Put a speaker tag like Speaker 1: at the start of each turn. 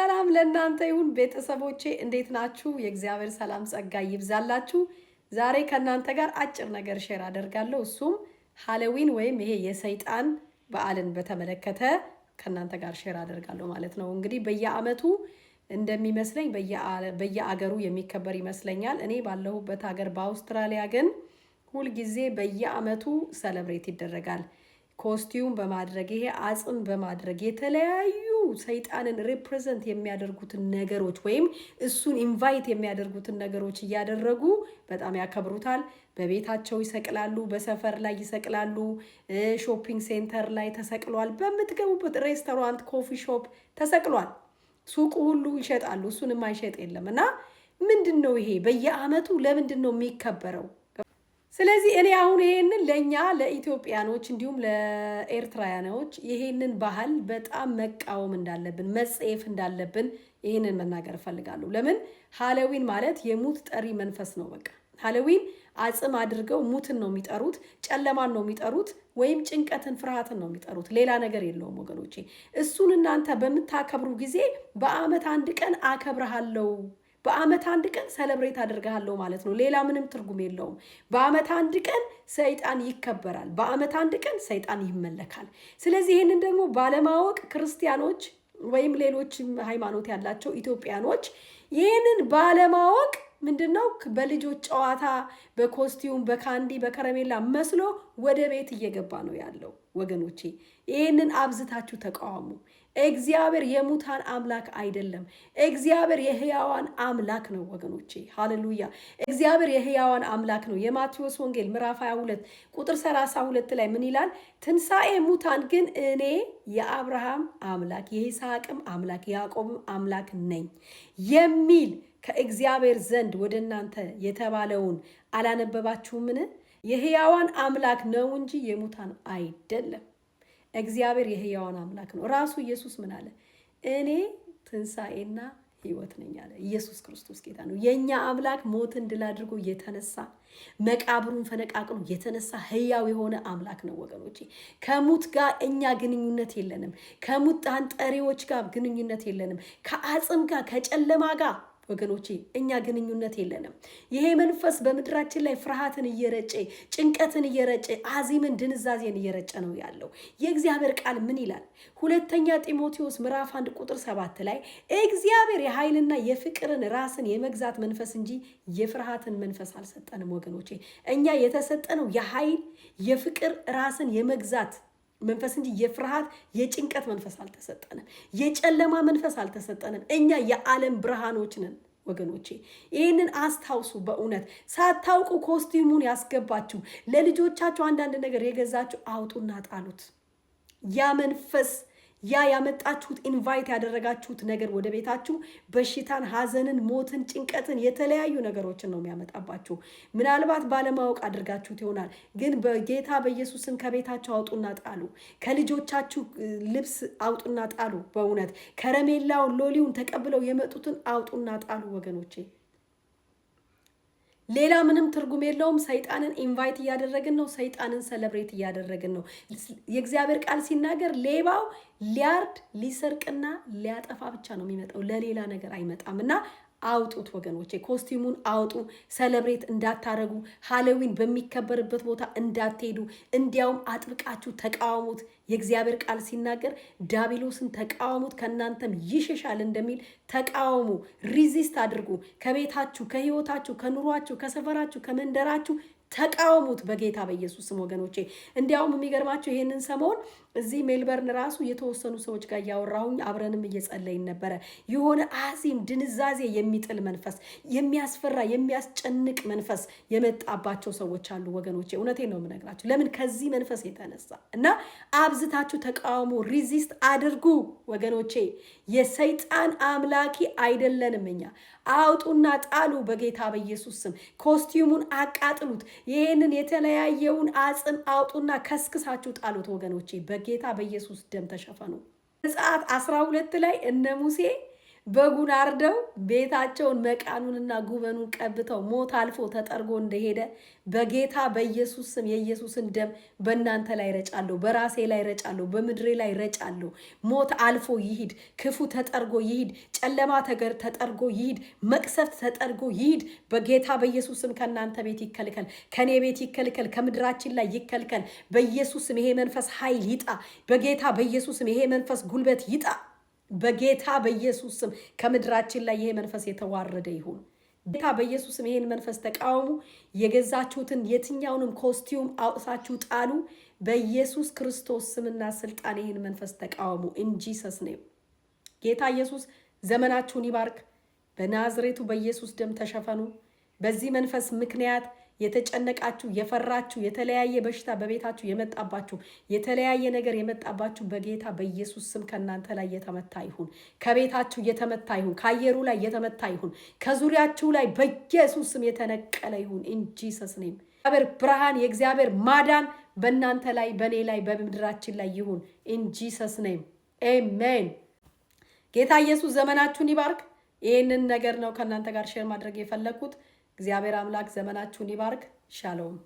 Speaker 1: ሰላም ለእናንተ ይሁን ቤተሰቦቼ፣ እንዴት ናችሁ? የእግዚአብሔር ሰላም ጸጋ ይብዛላችሁ። ዛሬ ከእናንተ ጋር አጭር ነገር ሼር አደርጋለሁ። እሱም ሃሎዊን ወይም ይሄ የሰይጣን በዓልን በተመለከተ ከእናንተ ጋር ሼር አደርጋለሁ ማለት ነው። እንግዲህ በየዓመቱ እንደሚመስለኝ በየአገሩ የሚከበር ይመስለኛል። እኔ ባለሁበት ሀገር በአውስትራሊያ ግን ሁልጊዜ በየዓመቱ ሰለብሬት ይደረጋል። ኮስቲዩም በማድረግ ይሄ አጽም በማድረግ የተለያዩ ሰይጣንን ሪፕሬዘንት የሚያደርጉትን ነገሮች ወይም እሱን ኢንቫይት የሚያደርጉትን ነገሮች እያደረጉ በጣም ያከብሩታል። በቤታቸው ይሰቅላሉ፣ በሰፈር ላይ ይሰቅላሉ፣ ሾፒንግ ሴንተር ላይ ተሰቅሏል፣ በምትገቡበት ሬስቶራንት፣ ኮፊ ሾፕ ተሰቅሏል፣ ሱቁ ሁሉ ይሸጣሉ። እሱን የማይሸጥ የለም እና ምንድን ነው ይሄ በየአመቱ ለምንድን ነው የሚከበረው? ስለዚህ እኔ አሁን ይሄንን ለእኛ ለኢትዮጵያኖች እንዲሁም ለኤርትራውያኖች ይሄንን ባህል በጣም መቃወም እንዳለብን መጸየፍ እንዳለብን ይሄንን መናገር እፈልጋለሁ። ለምን ሃለዊን ማለት የሙት ጠሪ መንፈስ ነው። በቃ ሃለዊን አጽም አድርገው ሙትን ነው የሚጠሩት፣ ጨለማን ነው የሚጠሩት፣ ወይም ጭንቀትን፣ ፍርሃትን ነው የሚጠሩት። ሌላ ነገር የለውም ወገኖቼ። እሱን እናንተ በምታከብሩ ጊዜ በአመት አንድ ቀን አከብረሃለው በአመት አንድ ቀን ሰለብሬት አድርግሃለሁ ማለት ነው። ሌላ ምንም ትርጉም የለውም። በአመት አንድ ቀን ሰይጣን ይከበራል። በአመት አንድ ቀን ሰይጣን ይመለካል። ስለዚህ ይህንን ደግሞ ባለማወቅ ክርስቲያኖች ወይም ሌሎች ሃይማኖት ያላቸው ኢትዮጵያኖች ይህንን ባለማወቅ ምንድን ነው በልጆች ጨዋታ፣ በኮስቲዩም፣ በካንዲ፣ በከረሜላ መስሎ ወደ ቤት እየገባ ነው ያለው። ወገኖቼ ይህንን አብዝታችሁ ተቃውሙ። እግዚአብሔር የሙታን አምላክ አይደለም። እግዚአብሔር የህያዋን አምላክ ነው ወገኖቼ፣ ሃሌሉያ። እግዚአብሔር የህያዋን አምላክ ነው። የማቴዎስ ወንጌል ምዕራፍ 22 ቁጥር 32 ላይ ምን ይላል? ትንሣኤ ሙታን ግን እኔ የአብርሃም አምላክ የይስሐቅም አምላክ የያዕቆብም አምላክ ነኝ የሚል ከእግዚአብሔር ዘንድ ወደ እናንተ የተባለውን አላነበባችሁምን? የህያዋን አምላክ ነው እንጂ የሙታን አይደለም። እግዚአብሔር የህያዋን አምላክ ነው። ራሱ ኢየሱስ ምን አለ? እኔ ትንሣኤና ህይወት ነኝ አለ። ኢየሱስ ክርስቶስ ጌታ ነው። የእኛ አምላክ ሞትን ድል አድርጎ የተነሳ መቃብሩን ፈነቃቅሎ የተነሳ ህያው የሆነ አምላክ ነው ወገኖቼ። ከሙት ጋር እኛ ግንኙነት የለንም። ከሙት ጠሪዎች ጋር ግንኙነት የለንም። ከአጽም ጋር ከጨለማ ጋር ወገኖቼ እኛ ግንኙነት የለንም። ይሄ መንፈስ በምድራችን ላይ ፍርሃትን እየረጨ ጭንቀትን እየረጨ አዚምን ድንዛዜን እየረጨ ነው ያለው። የእግዚአብሔር ቃል ምን ይላል? ሁለተኛ ጢሞቴዎስ ምዕራፍ አንድ ቁጥር ሰባት ላይ እግዚአብሔር የኃይልና የፍቅርን ራስን የመግዛት መንፈስ እንጂ የፍርሃትን መንፈስ አልሰጠንም። ወገኖቼ እኛ የተሰጠነው የኃይል የፍቅር ራስን የመግዛት መንፈስ እንጂ የፍርሃት የጭንቀት መንፈስ አልተሰጠንም። የጨለማ መንፈስ አልተሰጠንም። እኛ የዓለም ብርሃኖች ነን። ወገኖቼ ይህንን አስታውሱ። በእውነት ሳታውቁ ኮስቲሙን ያስገባችሁ ለልጆቻችሁ አንዳንድ ነገር የገዛችሁ አውጡና ጣሉት። ያ መንፈስ ያ ያመጣችሁት ኢንቫይት ያደረጋችሁት ነገር ወደ ቤታችሁ በሽታን፣ ሐዘንን፣ ሞትን፣ ጭንቀትን የተለያዩ ነገሮችን ነው የሚያመጣባችሁ። ምናልባት ባለማወቅ አድርጋችሁት ይሆናል። ግን በጌታ በኢየሱስን ከቤታችሁ አውጡና ጣሉ። ከልጆቻችሁ ልብስ አውጡና ጣሉ። በእውነት ከረሜላውን ሎሊውን ተቀብለው የመጡትን አውጡና ጣሉ ወገኖቼ። ሌላ ምንም ትርጉም የለውም። ሰይጣንን ኢንቫይት እያደረግን ነው። ሰይጣንን ሰለብሬት እያደረግን ነው። የእግዚአብሔር ቃል ሲናገር ሌባው ሊያርድ ሊሰርቅና ሊያጠፋ ብቻ ነው የሚመጣው፣ ለሌላ ነገር አይመጣም እና አውጡት ወገኖቼ፣ ኮስቲሙን አውጡ። ሰለብሬት እንዳታረጉ፣ ሃሎዊን በሚከበርበት ቦታ እንዳትሄዱ። እንዲያውም አጥብቃችሁ ተቃወሙት። የእግዚአብሔር ቃል ሲናገር ዳቢሎስን ተቃወሙት ከእናንተም ይሸሻል እንደሚል ተቃወሙ፣ ሪዚስት አድርጉ። ከቤታችሁ፣ ከህይወታችሁ፣ ከኑሯችሁ፣ ከሰፈራችሁ፣ ከመንደራችሁ ተቃወሙት በጌታ በኢየሱስ ስም ወገኖቼ። እንዲያውም የሚገርማቸው ይህንን ሰሞን እዚህ ሜልበርን ራሱ የተወሰኑ ሰዎች ጋር እያወራሁኝ አብረንም እየጸለይን ነበረ። የሆነ አዚም ድንዛዜ የሚጥል መንፈስ፣ የሚያስፈራ የሚያስጨንቅ መንፈስ የመጣባቸው ሰዎች አሉ ወገኖቼ። እውነቴ ነው የምነግራቸው። ለምን ከዚህ መንፈስ የተነሳ እና አብዝታችሁ ተቃውሞ፣ ሪዚስት አድርጉ ወገኖቼ። የሰይጣን አምላኪ አይደለንም እኛ። አውጡና ጣሉ በጌታ በኢየሱስ ስም። ኮስቲዩሙን አቃጥሉት። ይህንን የተለያየውን አጽም አውጡና ከስክሳችሁ ጣሉት ወገኖቼ በጌታ በኢየሱስ ደም ተሸፈኑ። ዘጸአት 12 ላይ እነ ሙሴ በጉን አርደው ቤታቸውን መቃኑንና ጉበኑን ቀብተው ሞት አልፎ ተጠርጎ እንደሄደ በጌታ በኢየሱስ ስም የኢየሱስን ደም በእናንተ ላይ ረጫለሁ፣ በራሴ ላይ ረጫለሁ፣ በምድሬ ላይ ረጫለሁ። ሞት አልፎ ይሂድ፣ ክፉ ተጠርጎ ይሂድ፣ ጨለማ ተገር ተጠርጎ ይሂድ፣ መቅሰፍት ተጠርጎ ይሂድ። በጌታ በኢየሱስ ስም ከእናንተ ቤት ይከልከል፣ ከእኔ ቤት ይከልከል፣ ከምድራችን ላይ ይከልከል። በኢየሱስ ስም ይሄ መንፈስ ኃይል ይጣ። በጌታ በኢየሱስ ስም ይሄ መንፈስ ጉልበት ይጣ። በጌታ በኢየሱስ ስም ከምድራችን ላይ ይሄ መንፈስ የተዋረደ ይሁን። ጌታ በኢየሱስ ስም ይሄን መንፈስ ተቃወሙ። የገዛችሁትን የትኛውንም ኮስቲዩም አውጥታችሁ ጣሉ። በኢየሱስ ክርስቶስ ስምና ስልጣን ይሄን መንፈስ ተቃወሙ። ኢንጂሰስ ነው። ጌታ ኢየሱስ ዘመናችሁን ይባርክ። በናዝሬቱ በኢየሱስ ደም ተሸፈኑ። በዚህ መንፈስ ምክንያት የተጨነቃችሁ፣ የፈራችሁ፣ የተለያየ በሽታ በቤታችሁ የመጣባችሁ፣ የተለያየ ነገር የመጣባችሁ በጌታ በኢየሱስ ስም ከእናንተ ላይ የተመታ ይሁን። ከቤታችሁ የተመታ ይሁን። ከአየሩ ላይ የተመታ ይሁን። ከዙሪያችሁ ላይ በኢየሱስ ስም የተነቀለ ይሁን። ኢንጂሰስ ኔም እግዚአብሔር ብርሃን የእግዚአብሔር ማዳን በእናንተ ላይ በእኔ ላይ በምድራችን ላይ ይሁን። እንጂሰስ ኔም ኤሜን። ጌታ ኢየሱስ ዘመናችሁን ይባርክ። ይህንን ነገር ነው ከእናንተ ጋር ሼር ማድረግ የፈለግኩት። እግዚአብሔር አምላክ ዘመናችሁን ይባርክ። ሻሎም